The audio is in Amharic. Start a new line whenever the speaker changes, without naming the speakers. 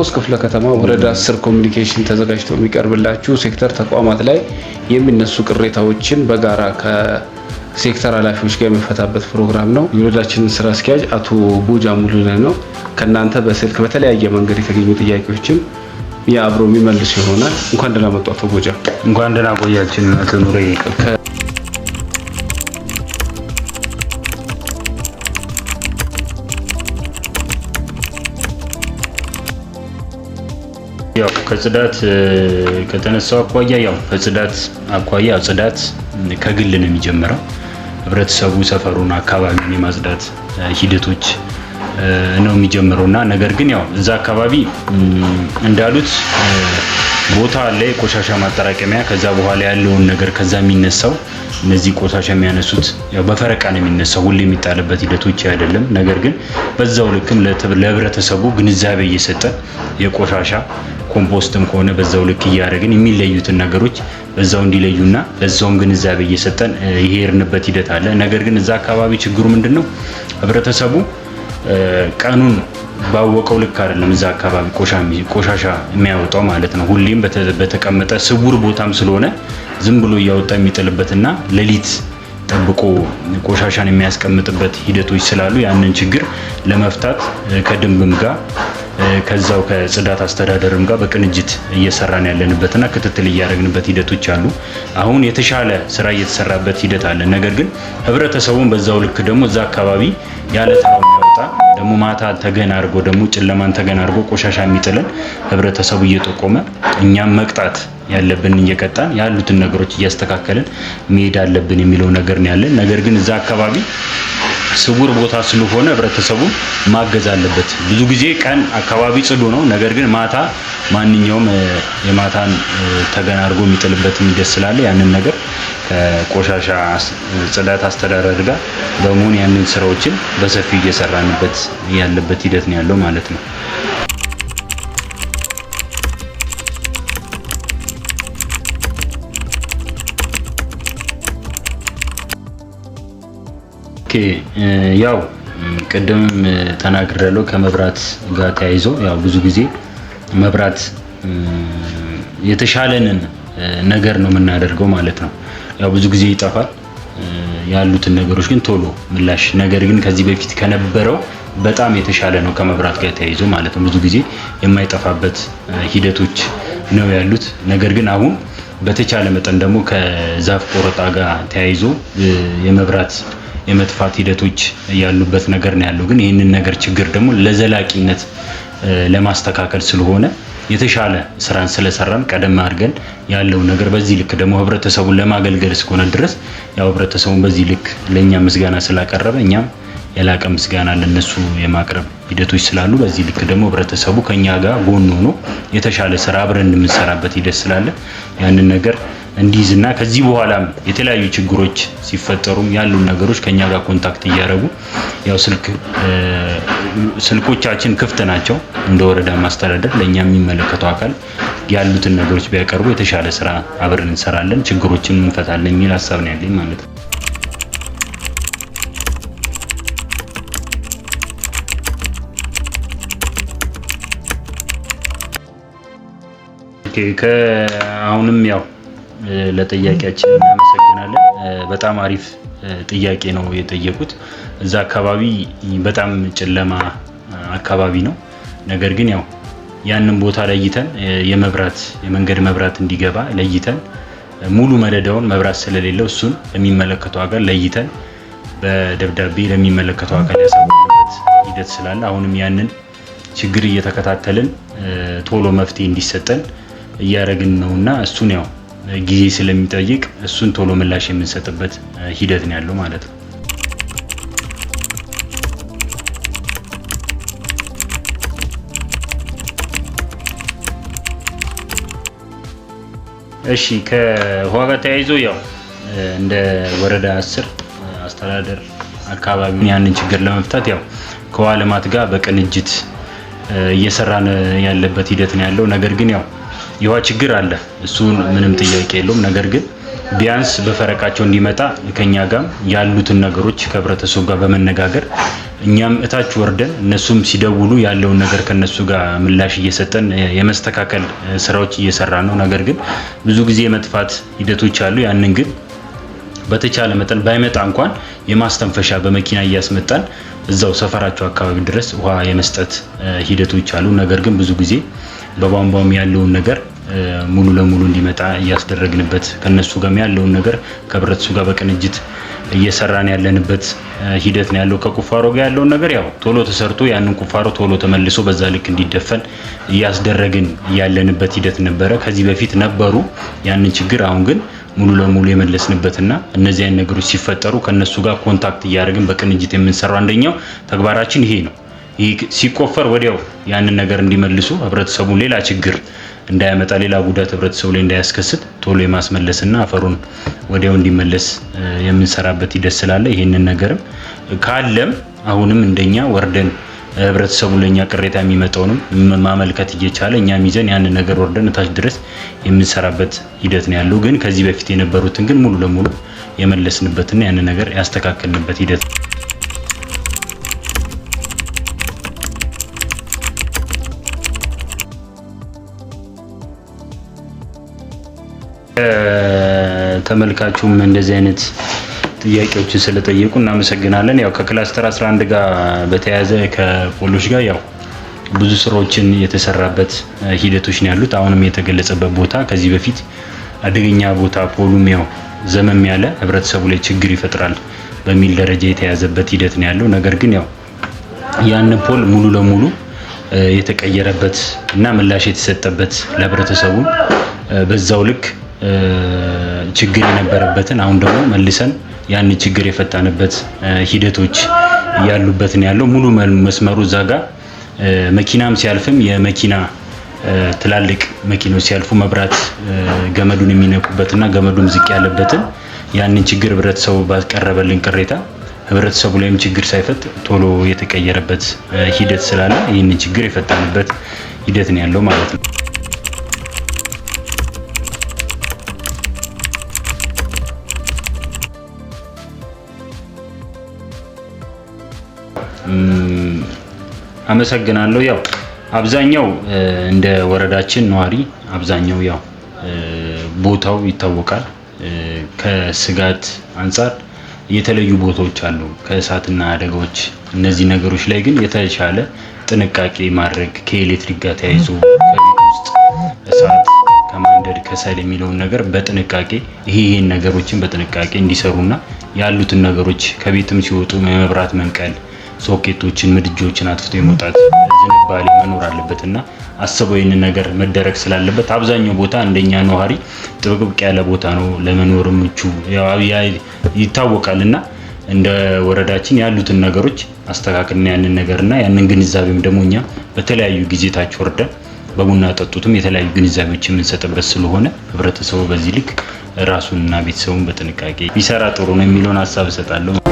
ማርቆስ ክፍለ ከተማ ወረዳ ስር ኮሚኒኬሽን ተዘጋጅቶ የሚቀርብላችሁ ሴክተር ተቋማት ላይ የሚነሱ ቅሬታዎችን በጋራ ከሴክተር ኃላፊዎች ጋር የሚፈታበት ፕሮግራም ነው። የወረዳችንን ስራ አስኪያጅ አቶ ቦጃ ሙሉነህ ነው። ከእናንተ በስልክ በተለያየ መንገድ የተገኙ ጥያቄዎችን የአብሮ የሚመልስ ይሆናል። እንኳን ደህና መጡ አቶ ቦጃ። እንኳን ደህና ቆያችን አቶ ኑሬ። ከጽዳት ከተነሳው አኳያ ያው ከጽዳት አኳያ ጽዳት ከግል ነው የሚጀምረው። ህብረተሰቡ ሰፈሩን፣ አካባቢ የማጽዳት ሂደቶች ነው የሚጀምረው እና ነገር ግን ያው እዛ አካባቢ እንዳሉት ቦታ አለ፣ የቆሻሻ ማጠራቀሚያ። ከዛ በኋላ ያለውን ነገር ከዛ የሚነሳው እነዚህ ቆሻሻ የሚያነሱት ያው በፈረቃ ነው የሚነሳው። ሁሌ የሚጣልበት ሂደቶች አይደለም። ነገር ግን በዛው ልክም ለህብረተሰቡ ግንዛቤ እየሰጠ የቆሻሻ ኮምፖስትም ከሆነ በዛው ልክ እያደረግን የሚለዩትን ነገሮች በዛው እንዲለዩና በዛውም ግንዛቤ እየሰጠን የሄድንበት ሂደት አለ። ነገር ግን እዛ አካባቢ ችግሩ ምንድን ነው? ህብረተሰቡ ቀኑን ባወቀው ልክ አይደለም። እዛ አካባቢ ቆሻሻ የሚያወጣው ማለት ነው። ሁሌም በተቀመጠ ስውር ቦታም ስለሆነ ዝም ብሎ እያወጣ የሚጥልበትና ሌሊት ጠብቆ ቆሻሻን የሚያስቀምጥበት ሂደቶች ስላሉ ያንን ችግር ለመፍታት ከደንብም ጋር ከዛው ከጽዳት አስተዳደርም ጋር በቅንጅት እየሰራን ያለንበትና ክትትል እያደረግንበት ሂደቶች አሉ። አሁን የተሻለ ስራ እየተሰራበት ሂደት አለ። ነገር ግን ህብረተሰቡን በዛው ልክ ደግሞ እዛ አካባቢ ያለ ተራው የሚያወጣ ደግሞ ማታ ተገን አድርጎ ደግሞ ጨለማን ተገን አድርጎ ቆሻሻ የሚጥለን ህብረተሰቡ እየጠቆመ እኛም መቅጣት ያለብን እየቀጣን ያሉትን ነገሮች እያስተካከልን መሄድ አለብን የሚለው ነገር ነው ያለን። ነገር ግን እዛ አካባቢ ስውር ቦታ ስለሆነ ህብረተሰቡ ማገዝ አለበት። ብዙ ጊዜ ቀን አካባቢ ጽዱ ነው፣ ነገር ግን ማታ ማንኛውም የማታን ተገናርጎ የሚጥልበት ሂደት ስላለ ያንን ነገር ከቆሻሻ ጽዳት አስተዳደር ጋር በመሆን ያንን ስራዎችን በሰፊው እየሰራንበት ያለበት ሂደት ነው ያለው ማለት ነው። ኦኬ ያው ቅድም ተናግሬያለሁ። ከመብራት ጋር ተያይዞ ያው ብዙ ጊዜ መብራት የተሻለንን ነገር ነው የምናደርገው ማለት ነው። ያው ብዙ ጊዜ ይጠፋል ያሉትን ነገሮች ግን ቶሎ ምላሽ፣ ነገር ግን ከዚህ በፊት ከነበረው በጣም የተሻለ ነው ከመብራት ጋር ተያይዞ ማለት ነው። ብዙ ጊዜ የማይጠፋበት ሂደቶች ነው ያሉት። ነገር ግን አሁን በተቻለ መጠን ደግሞ ከዛፍ ቆረጣ ጋር ተያይዞ የመብራት የመጥፋት ሂደቶች ያሉበት ነገር ነው ያለው። ግን ይህንን ነገር ችግር ደግሞ ለዘላቂነት ለማስተካከል ስለሆነ የተሻለ ስራን ስለሰራን ቀደም አድርገን ያለው ነገር በዚህ ልክ ደግሞ ህብረተሰቡን ለማገልገል እስከሆነ ድረስ ያው ህብረተሰቡን በዚህ ልክ ለእኛ ምስጋና ስላቀረበ እኛም የላቀ ምስጋና ለነሱ የማቅረብ ሂደቶች ስላሉ በዚህ ልክ ደግሞ ህብረተሰቡ ከኛ ጋር ጎን ሆኖ የተሻለ ስራ አብረን የምንሰራበት ሂደት ስላለ ያንን ነገር እንዲይዝና ከዚህ በኋላም የተለያዩ ችግሮች ሲፈጠሩም ያሉን ነገሮች ከኛ ጋር ኮንታክት እያደረጉ ያው ስልክ ስልኮቻችን ክፍት ናቸው። እንደ ወረዳ ማስተዳደር ለእኛ የሚመለከተው አካል ያሉትን ነገሮች ቢያቀርቡ የተሻለ ስራ አብረን እንሰራለን፣ ችግሮችን እንፈታለን የሚል ሀሳብ ነው ያለኝ ማለት ነው። አሁንም ያው ለጥያቄያችን እናመሰግናለን። በጣም አሪፍ ጥያቄ ነው የጠየቁት። እዛ አካባቢ በጣም ጨለማ አካባቢ ነው። ነገር ግን ያው ያንን ቦታ ለይተን የመብራት የመንገድ መብራት እንዲገባ ለይተን ሙሉ መደዳውን መብራት ስለሌለው እሱን ለሚመለከተው አካል ለይተን በደብዳቤ ለሚመለከተው አካል ያሳወቅበት ሂደት ስላለ አሁንም ያንን ችግር እየተከታተልን ቶሎ መፍትሄ እንዲሰጠን እያደረግን ነውና እሱን ያው ጊዜ ስለሚጠይቅ እሱን ቶሎ ምላሽ የምንሰጥበት ሂደት ነው ያለው ማለት ነው። እሺ ከውሃ ጋር ተያይዞ ያው እንደ ወረዳ አስር አስተዳደር አካባቢውን ያንን ችግር ለመፍታት ያው ከውሃ ልማት ጋር በቅንጅት እየሰራን ያለበት ሂደት ነው ያለው ነገር ግን ያው የውሃ ችግር አለ። እሱን ምንም ጥያቄ የለውም። ነገር ግን ቢያንስ በፈረቃቸው እንዲመጣ ከኛ ጋር ያሉትን ነገሮች ከህብረተሰቡ ጋር በመነጋገር እኛም እታች ወርደን እነሱም ሲደውሉ ያለውን ነገር ከነሱ ጋር ምላሽ እየሰጠን የመስተካከል ስራዎች እየሰራ ነው። ነገር ግን ብዙ ጊዜ የመጥፋት ሂደቶች አሉ። ያንን ግን በተቻለ መጠን ባይመጣ እንኳን የማስተንፈሻ በመኪና እያስመጣን እዛው ሰፈራቸው አካባቢ ድረስ ውሃ የመስጠት ሂደቶች አሉ። ነገር ግን ብዙ ጊዜ በቧንቧም ያለውን ነገር ሙሉ ለሙሉ እንዲመጣ እያስደረግንበት ከነሱ ጋር ያለውን ነገር ከህብረተሰቡ ጋር በቅንጅት እየሰራን ያለንበት ሂደት ነው ያለው። ከቁፋሮ ጋር ያለውን ነገር ያው ቶሎ ተሰርቶ ያንን ቁፋሮ ቶሎ ተመልሶ በዛ ልክ እንዲደፈን እያስደረግን ያለንበት ሂደት ነበረ። ከዚህ በፊት ነበሩ ያንን ችግር አሁን ግን ሙሉ ለሙሉ የመለስንበትና እነዚህ አይነት ነገሮች ሲፈጠሩ ከነሱ ጋር ኮንታክት እያደረግን በቅንጅት የምንሰራው አንደኛው ተግባራችን ይሄ ነው። ሲቆፈር ወዲያው ያንን ነገር እንዲመልሱ ህብረተሰቡን ሌላ ችግር እንዳያመጣ ሌላ ጉዳት ህብረተሰቡ ላይ እንዳያስከስት ቶሎ የማስመለስና አፈሩን ወዲያው እንዲመለስ የምንሰራበት ሂደት ስላለ ይህንን ነገርም ካለም አሁንም እንደኛ ወርደን ህብረተሰቡ ለእኛ ቅሬታ የሚመጣውንም ማመልከት እየቻለ እኛም ይዘን ያንን ነገር ወርደን እታች ድረስ የምንሰራበት ሂደት ነው ያለው። ግን ከዚህ በፊት የነበሩትን ግን ሙሉ ለሙሉ የመለስንበትና ያንን ነገር ያስተካከልንበት ሂደት ነው። ተመልካቹም እንደዚህ አይነት ጥያቄዎችን ስለጠየቁ እናመሰግናለን። ያው ከክላስተር 11 ጋር በተያያዘ ከፖሎች ጋር ያው ብዙ ስራዎችን የተሰራበት ሂደቶች ነው ያሉት። አሁንም የተገለጸበት ቦታ ከዚህ በፊት አደገኛ ቦታ ፖሉም ያው ዘመም ያለ ህብረተሰቡ ላይ ችግር ይፈጥራል በሚል ደረጃ የተያዘበት ሂደት ነው ያለው። ነገር ግን ያው ያን ፖል ሙሉ ለሙሉ የተቀየረበት እና ምላሽ የተሰጠበት ለህብረተሰቡ በዛው ልክ ችግር የነበረበትን አሁን ደግሞ መልሰን ያን ችግር የፈታንበት ሂደቶች ያሉበትን ያለው ሙሉ መስመሩ እዛ ጋር መኪናም ሲያልፍም የመኪና ትላልቅ መኪኖች ሲያልፉ መብራት ገመዱን የሚነኩበትና ገመዱም ዝቅ ያለበትን ያንን ችግር ህብረተሰቡ ባቀረበልን ቅሬታ ህብረተሰቡ ላይም ችግር ሳይፈጥ ቶሎ የተቀየረበት ሂደት ስላለ ይህንን ችግር የፈጣንበት ሂደት ነው ያለው ማለት ነው። አመሰግናለሁ። ያው አብዛኛው እንደ ወረዳችን ነዋሪ አብዛኛው ያው ቦታው ይታወቃል። ከስጋት አንጻር የተለዩ ቦታዎች አሉ ከእሳትና አደጋዎች። እነዚህ ነገሮች ላይ ግን የተሻለ ጥንቃቄ ማድረግ ከኤሌክትሪክ ጋር ተያይዞ ከቤት ውስጥ እሳት ከማንደድ ከሰል የሚለውን ነገር በጥንቃቄ ይሄ ይሄን ነገሮችን በጥንቃቄ እንዲሰሩና ያሉትን ነገሮች ከቤትም ሲወጡ የመብራት መንቀል ሶኬቶችን፣ ምድጃዎችን አጥፍቶ የመውጣት ዝንባሌ መኖር አለበት እና አስበው ይህንን ነገር መደረግ ስላለበት አብዛኛው ቦታ እንደኛ ነዋሪ ጥብቅብቅ ያለ ቦታ ነው ለመኖር ምቹ ይታወቃል እና እንደ ወረዳችን ያሉትን ነገሮች አስተካክልና ያንን እና ያንን ግንዛቤም ደግሞ እኛ በተለያዩ ጊዜ ታች ወርደን በቡና ጠጡትም የተለያዩ ግንዛቤዎች የምንሰጥበት ስለሆነ ህብረተሰቡ በዚህ ልክ ራሱንና ቤተሰቡን በጥንቃቄ ቢሰራ ጥሩ ነው የሚለውን ሀሳብ እሰጣለሁ።